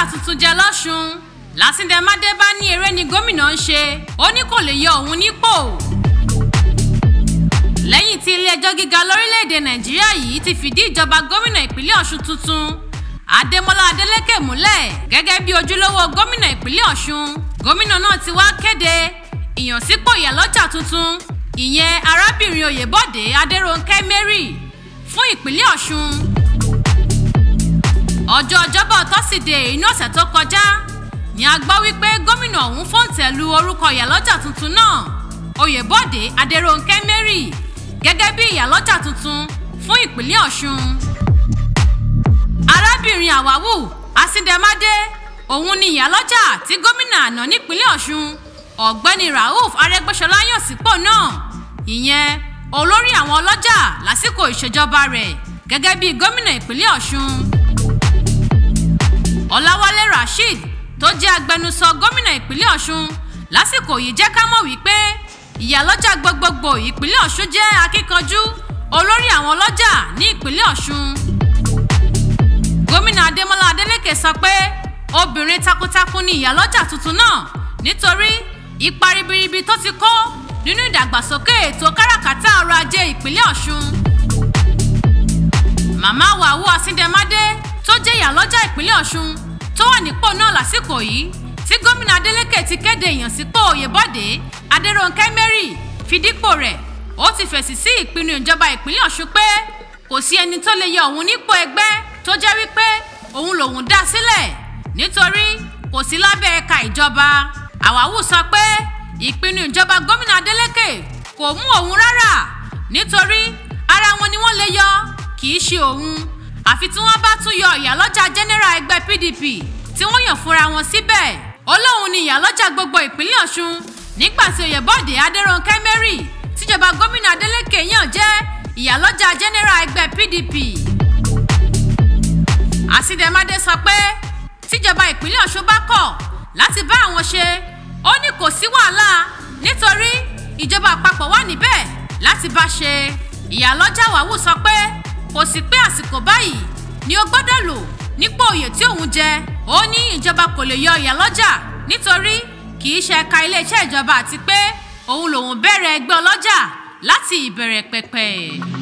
gómìnà tuntun jẹ lọ́sùn Látìndé Mádébá ní eré ni gómìnà ń ṣe ó ní kò lè yọ òun nípò lẹ́yìn tí ilé-ẹjọ́ gíga lórílẹ̀‐èdè Nàìjíríà yìí ti fìdí ìjọba gómìnà ìpínlẹ̀ Ọ̀ṣun tuntun Adémọ́lá Adélékè múlẹ̀ gẹ́gẹ́ bí ojúlówó gómìnà ìpínlẹ̀ Ọ̀ṣun gómìnà náà ti wá kéde ìyànsípò ìyálọ́jà tuntun ìyẹn arábìnrin Oyèbọ́dé Adérónkẹ́ Mary fún ìpínlẹ̀ Ọ̀ṣun ọjọ́ ọjọ́bọ̀ tọ́sídẹ̀ẹ́ inú ọ̀sẹ̀ tó kọjá ni a gbọ́ wípé gómìnà ọ̀hún fòǹtẹ̀lù orúkọ ìyálọ́jà tuntun náà oyèbọ̀dé adéròǹkẹ́ mary gẹ́gẹ́ bí ìyálọ́jà tuntun fún ìpínlẹ̀ ọ̀ṣun. arábìnrin àwáwù asíndẹ́mádé òun ni ìyálọ́jà tí gómìnà àná nípínlẹ̀ ọ̀ṣun ọ̀gbẹ́ni rauf arẹ́gbẹ́ṣọlá yàn sípò náà ìyẹn olórí àwọn ọlọ́jà lásìkò ìṣèjọba rẹ̀ gẹ́gẹ́ bí gómìnà ìpínlẹ̀ ọ̀ṣun ọ̀làwálé rasheed tó jẹ́ agbẹnusọ gómìnà ìpínlẹ̀ ọ̀ṣun lásìkò yìí jẹ́ ká mọ̀ wípé ìyálọ́jà gbogbogbò ìpínlẹ̀ ọ̀ṣun jẹ́ akíkanjú olórí àwọn ọlọ́jà ní ìpínlẹ̀ ọ̀ṣun. gómìnà adémọlá adélèké sọ pé obìnrin takuntakun ni ìyálọ́jà tuntun náà nítorí ipa ribiribi tó ti kó nínú ìdàgbàsókè ètò káràkátà ọrọ̀ ajé ìpínlẹ̀ ọ̀ṣun. màmá wàhù asíndẹ̀mádé ìpínlẹ̀ ọ̀ṣun tó wà nípò náà lásìkò yìí tí gómìnà adeleke ti kéde ìyànsípò oyèbọ̀dé adérónkẹ́ mary fìdípò rẹ̀ ó ti fèsì sí ìpinnu ìjọba ìpínlẹ̀ ọ̀ṣun pé kò sí ẹni tó lè yọ òun nípò ẹgbẹ́ tó jẹ́ wípé òun lòun dá sílẹ̀ nítorí kò sí lábẹ́ ẹ̀ka ìjọba àwáwù sọ pé ìpinnu ìjọba gómìnà adeleke kò mú òun rárá nítorí ara wọn ni wọ́n lè yọ kì í ṣe òun àfi tí wọ́n bá tún yọ ìyálọ́jà general ẹgbẹ́ PDP tí wọ́n yàn fúnra wọn síbẹ̀ ó lóun ni ìyálọ́jà gbogbo ìpínlẹ̀ Ọ̀ṣun nígbà tí Oyèbọ̀dé Adérónkẹ́ Mary tíjọba gómìnà Adeleke yàn jẹ́ ìyálọ́jà general ẹgbẹ́ PDP àsìdẹ̀mádé sọ pé tíjọba ìpínlẹ̀ Ọ̀ṣun bá kọ̀ láti bá àwọn ṣe ó ní kò sí wàhálà nítorí ìjọba àpapọ̀ wà níbẹ̀ láti bá ṣe ìyálọ́jà wàhù sọ pé kò sì pé àsìkò báyìí ni ó gbọ́dọ̀ lò nípò òye tí òun jẹ ó ní ìjọba kò lè yọ ìyálọ́jà nítorí kì í ṣe ẹ̀ka iléeṣẹ́ ìjọba àti pé òun lòun bẹ̀rẹ̀ ẹgbẹ́ ọlọ́jà láti ìbẹ̀rẹ̀ pẹ̀pẹ̀.